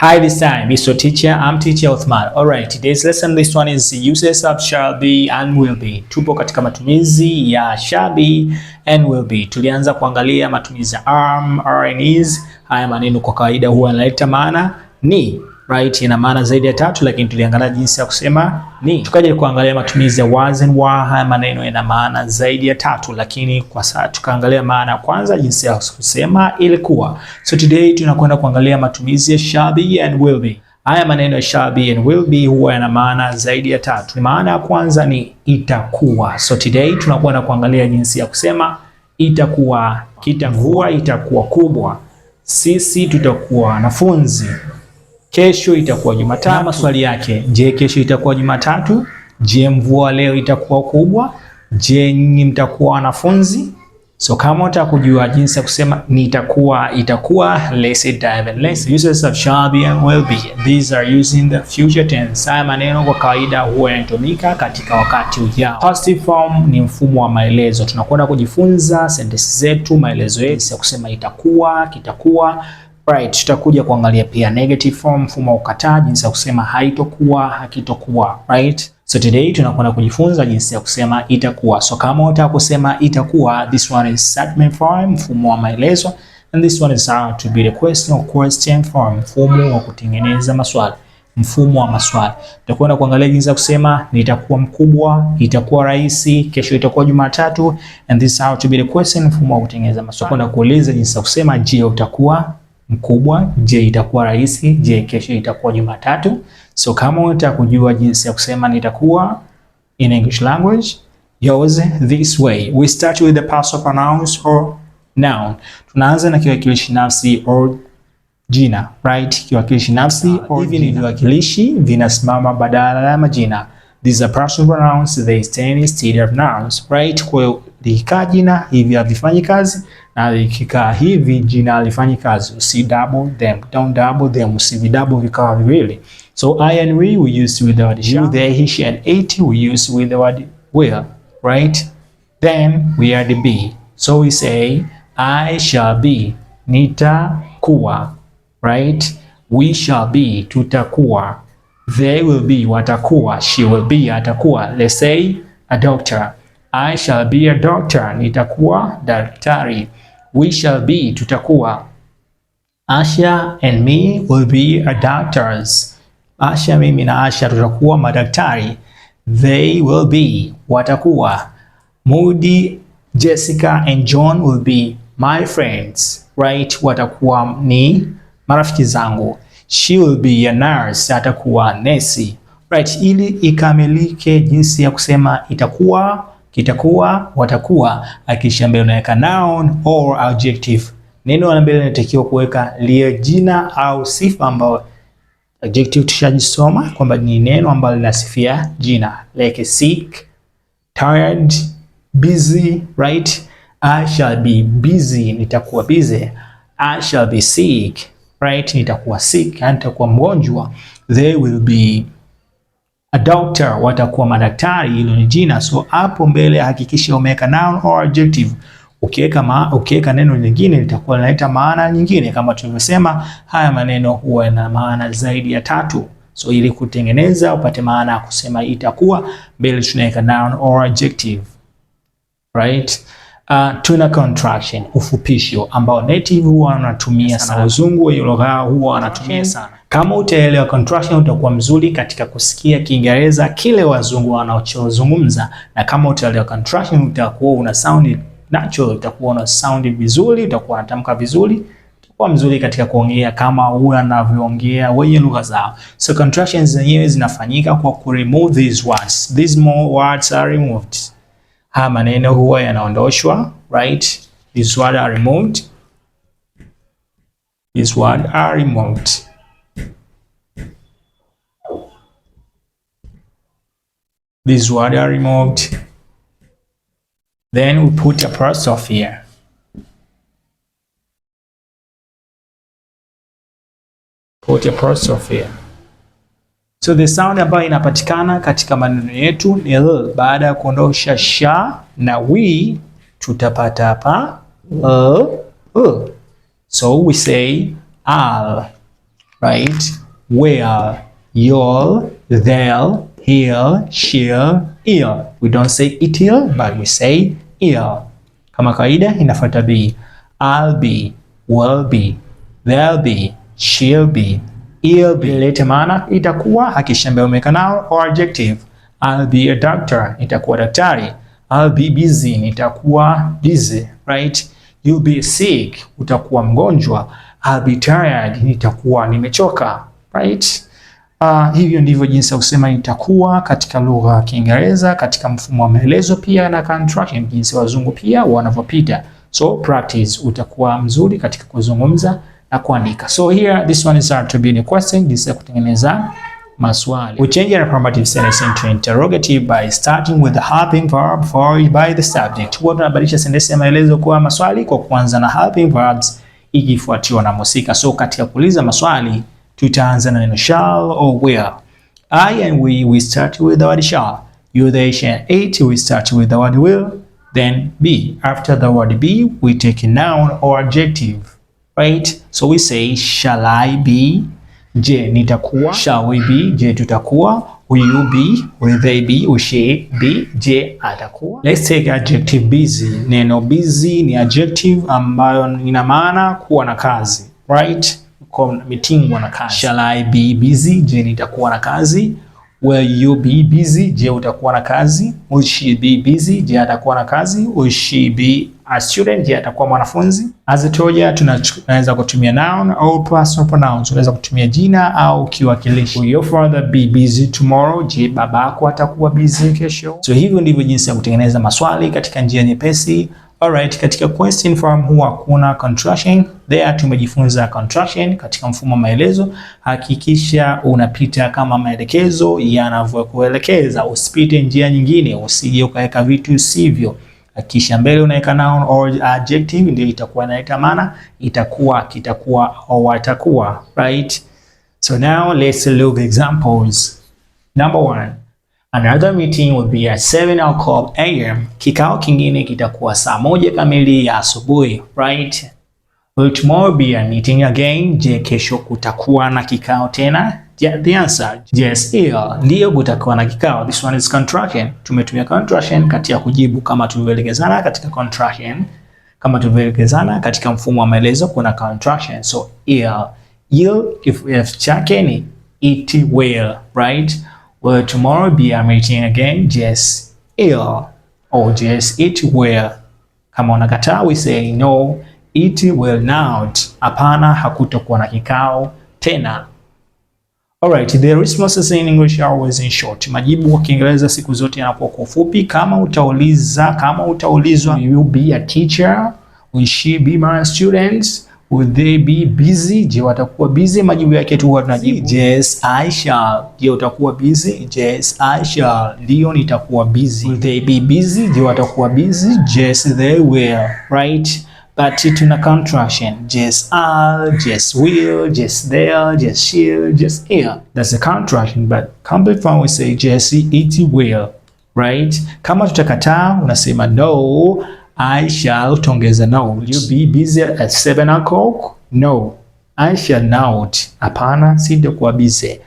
Hi, this time, Mr. Teacher. I'm Teacher Othman. All right, today's lesson, this one is uses of shall be and will be. Tupo katika matumizi ya shall be and will be. Tulianza kuangalia matumizi ya am, are and is. Haya maneno kwa kawaida huwa yanaleta maana ni right ina maana zaidi ya tatu, lakini tuliangalia jinsi ya kusema ni, Tukaje kuangalia matumizi ya was and were. Haya maneno yana maana zaidi ya tatu, lakini kwa sasa tukaangalia maana ya kwanza, jinsi ya kusema ilikuwa. So today tunakwenda kuangalia matumizi ya shall be and will be. Haya maneno ya shall be and will be huwa yana maana zaidi ya tatu. Maana ya kwanza ni itakuwa. So today tunakwenda kuangalia jinsi ya kusema itakuwa. Kitamvua itakuwa kubwa, sisi tutakuwa wanafunzi kesho itakuwa Jumatatu. Maswali yake, je, kesho itakuwa Jumatatu? Je, mvua leo itakuwa kubwa? Je, nyinyi mtakuwa wanafunzi? So kama unataka kujua jinsi ya kusema nitakuwa, itakuwa, let's dive in. Let's uses of shall be and will be. These are using the future tense. Haya maneno kwa kawaida huwa yanatumika katika wakati ujao. Positive form ni mfumo wa maelezo. Tunakwenda kujifunza sentensi zetu, maelezo yetu ya kusema itakuwa, kitakuwa Right, tutakuja kuangalia pia negative form, mfumo wa kukataa, jinsi ya kusema haitokuwa, hakitokuwa. Right? So today tunakwenda kujifunza jinsi ya kusema itakuwa. So kama unataka kusema itakuwa, this one is statement form, mfumo wa maelezo, and this one is a to be a question or question form, mfumo wa kutengeneza maswali, mfumo wa maswali. Tutakwenda kuangalia jinsi ya kusema nitakuwa mkubwa, itakuwa rahisi, kesho itakuwa Jumatatu, and this is how to be a question, mfumo wa kutengeneza maswali. Tutakwenda kuuliza jinsi ya kusema je, utakuwa mkubwa. Je, itakuwa rahisi? Je, kesho itakuwa Jumatatu? So kama unataka kujua jinsi ya kusema nitakuwa in English language, yours this way. We start with the personal pronouns or noun. Tunaanza na kiwakilishi nafsi or jina, right? Kiwakilishi nafsi ah, or hivi ni viwakilishi vinasimama badala ya majina. These are personal pronouns, they stand instead of nouns, right? Kwa likikaa jina hivi havifanyi kazi na likikaa hivi jina halifanyi kazi. Usi double them, don't double them, vi double vikawa viwili. So I and we we use with the word you, they, he, she and it we use with the word will, right? Then we add be. So we say I shall be, nitakuwa, right? We shall be, tutakuwa. They will be, watakuwa. She will be, atakuwa. Let's say a doctor I shall be a doctor, nitakuwa daktari. We shall be, tutakuwa. Asha and me will be a doctors. Asha, mimi na Asha tutakuwa madaktari. They will be, watakuwa. Moody, Jessica and John will be my friends. Right, watakuwa ni marafiki zangu. She will be a nurse, atakuwa nesi. Right, ili ikamilike jinsi ya kusema itakuwa kitakuwa, watakuwa, akisha mbele unaweka noun or adjective. Neno la mbele linatakiwa kuweka liwe jina au sifa ambayo adjective tushajisoma kwamba ni neno ambalo linasifia jina like sick, tired, busy, right? I shall be busy, nitakuwa busy. I shall be sick, right? Nitakuwa sick, nitakuwa mgonjwa. They will be a doctor watakuwa madaktari, hilo ni jina. So hapo mbele hakikisha umeweka noun or adjective. Ukiweka ma, ukiweka neno lingine litakuwa linaleta maana nyingine. Kama tulivyosema, haya maneno huwa yana maana zaidi ya tatu. So ili kutengeneza upate maana ya kusema itakuwa, mbele tunaweka noun or adjective. Right? Uh, tuna contraction ufupisho ambao native huwa wanatumia sana, wazungu wenye lugha huwa wanatumia sana kama utaelewa contraction, utakuwa mzuri katika kusikia Kiingereza kile wazungu wanachozungumza, na kama utaelewa contraction, utakuwa una sound natural, utakuwa una sound vizuri, utakuwa unatamka vizuri kuwa mzuri katika kuongea kama huyu anavyoongea wenye lugha zao. So contractions zenyewe zinafanyika kwa ku remove these words. These more words are removed. Ha, maneno huwa yanaondoshwa, right? These words are removed. These words are removed. This word are removed. Then we put a plus of here. Put a plus of here. So the sound ambayo inapatikana katika maneno yetu ni l. Baada ya kuondosha sha na we, tutapata hapa l, l. So we say al, right? Where, your, their here, shear, ear. We don't say it here, but we say ear. Kama kawaida inafuata be. I'll be, will be, they'll be, she'll be, ear be. Lete maana itakuwa akishambe umeka nao or adjective. I'll be a doctor, itakuwa daktari. I'll be busy, nitakuwa busy, right? You'll be sick, utakuwa mgonjwa. I'll be tired, nitakuwa nimechoka, right? Uh, hivyo ndivyo jinsi ya kusema itakuwa katika lugha ya Kiingereza katika mfumo wa maelezo pia na contraction, jinsi wazungu pia wanavyopita. So practice, utakuwa mzuri katika kuzungumza na kuandika. So here this one is our to be a question, jinsi ya kutengeneza maswali. We change an affirmative sentence into interrogative by starting with the helping verb followed by the subject. Huwa tunabadilisha sentence ya maelezo kuwa maswali kwa kuanza na helping verbs ikifuatiwa na mhusika. So katika kuuliza maswali tutaanza na neno shall or will. I and we we start with the word shall. You, they, she and it we start with the word will, then be. After the word be, we take a noun or adjective, right? So we say shall I be? Je, nitakuwa. Shall we be? Je, tutakuwa. Will you be? Will they be? Will she be? Je, atakuwa. Let's take adjective busy. Neno busy ni adjective ambayo ina maana kuwa na kazi, right? kwa mitingwa na kazi. Shall I be busy? Je, nitakuwa na kazi. Will you be busy? Je, utakuwa na kazi. Will she be busy? Je, atakuwa na kazi. Will she be a student? Je, atakuwa mwanafunzi. As I told you, tunaweza kutumia noun au personal pronouns. Unaweza kutumia jina au kiwakilishi. Will your father be busy tomorrow? Je, babako atakuwa busy kesho? So hivyo ndivyo jinsi ya kutengeneza maswali katika njia nyepesi. Alright, katika question form huwa kuna contraction. There tumejifunza contraction katika mfumo wa maelezo. Hakikisha unapita kama maelekezo yanavyokuelekeza, usipite njia nyingine, usije ukaweka vitu sivyo. Hakikisha mbele unaweka noun or adjective, ndio itakuwa inaleta maana, itakuwa, kitakuwa au watakuwa, right? So now let's look examples. Number one, Another meeting will be at 7 o'clock am. Kikao kingine kitakuwa saa moja kamili ya asubuhi, right? Will tomorrow be a meeting again? Je, kesho kutakuwa na kikao tena? Yeah, the answer yes, yeah. ndiyo kutakuwa na kikao. This one is contraction. Tumetumia contraction katika kujibu kama tulivyoelekezana katika contraction. Kama tulivyoelekezana katika mfumo wa maelezo kuna contraction. So yeah, you if, if chake ni it will, right? Will tomorrow be a meeting again? Yes, ill or yes, it will. Kama unakataa we say no, it will not. Hapana, hakutokuwa na kikao tena. Alright, the responses in English are always in short. Majibu kwa Kiingereza siku zote yanakuwa kwa ufupi. Kama utauliza, kama utaulizwa, will you be a teacher? Will she be my student? Will they be busy? Je, watakuwa busy? Majibu yake tu huwa tunajibu yes I shall. Je, utakuwa busy? Yes I shall. Leo nitakuwa busy. Will they be busy? Je, watakuwa busy? Yes they will. Right? But tuna contraction. Yes I'll, yes will, yes they'll, yes she'll, yes he'll. That's a contraction but complete form we say yes it will. Right? Kama tutakataa unasema no I shall tongeza not. Will you be busy at 7 o'clock? No. I shall not. Hapana, sitakuwa busy.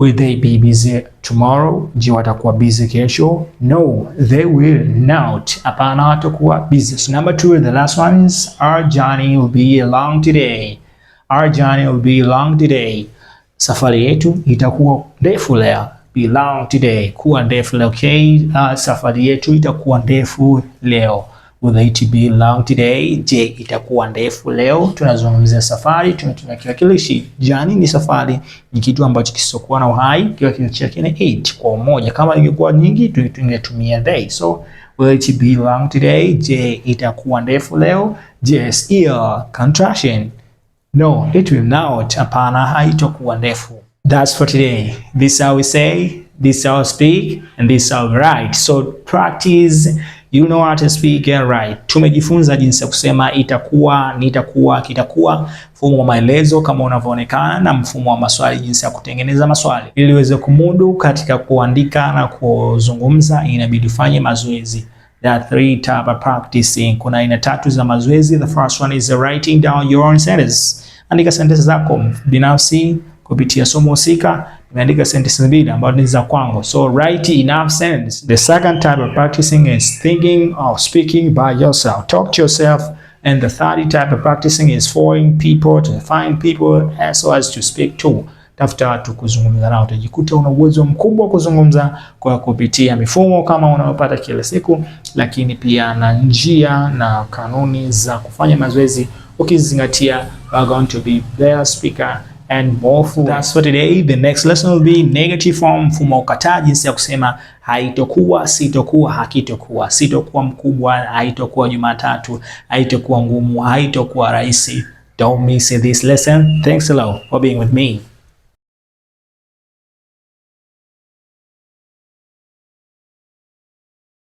Will they be busy tomorrow? Je, watakuwa busy kesho? No, they will not. Hapana, watakuwa busy. So number two, the last one is our journey will be long today. Our journey will be long today. Safari yetu itakuwa ndefu leo. Be long today. Kuwa ndefu leo. Okay, uh, safari yetu itakuwa ndefu leo. Will it be long today? Je, itakuwa ndefu leo? Tunazungumzia safari, tunatumia kiwakilishi. Jani ni safari, ni kitu ambacho kisichokuwa na uhai, kiwakilishi chake ni it kwa umoja. Kama ingekuwa nyingi, tungetumia they. So will it be long today? Je, itakuwa ndefu leo? Yes, ear contraction. No, it will not. Hapana, haitakuwa ndefu. That's for today. This how we say, this how we speak, and this how we write. So practice You know how to speak and write. Tumejifunza jinsi ya kusema itakuwa, nitakuwa, kitakuwa, mfumo wa maelezo kama unavyoonekana na mfumo wa maswali, jinsi ya kutengeneza maswali. Ili uweze kumudu katika kuandika na kuzungumza, inabidi ufanye mazoezi. There are three type of practicing. Kuna aina tatu za mazoezi. The first one is writing down your own sentences. Andika sentences zako binafsi kupitia somo husika imeandika sentence mbili ambazo ni za kwangu. So write enough sentence. The second type of practicing is thinking or speaking by yourself. Talk to yourself. And the third type of practicing is following people to find people as well as to speak to. Tafuta watu kuzungumza nao, utajikuta una uwezo mkubwa wa kuzungumza kwa kupitia mifumo kama unayopata kila siku, lakini pia na njia na kanuni za kufanya mazoezi ukizingatia, you are going to be better speaker and more food. That's for today. The next lesson will be negative form, mfumo wa kukataa, jinsi ya kusema haitokuwa, sitokuwa, hakitokuwa, sitokuwa mkubwa, haitokuwa Jumatatu, haitokuwa ngumu, haitokuwa rahisi. Don't miss this lesson. Thanks a lot for being with me.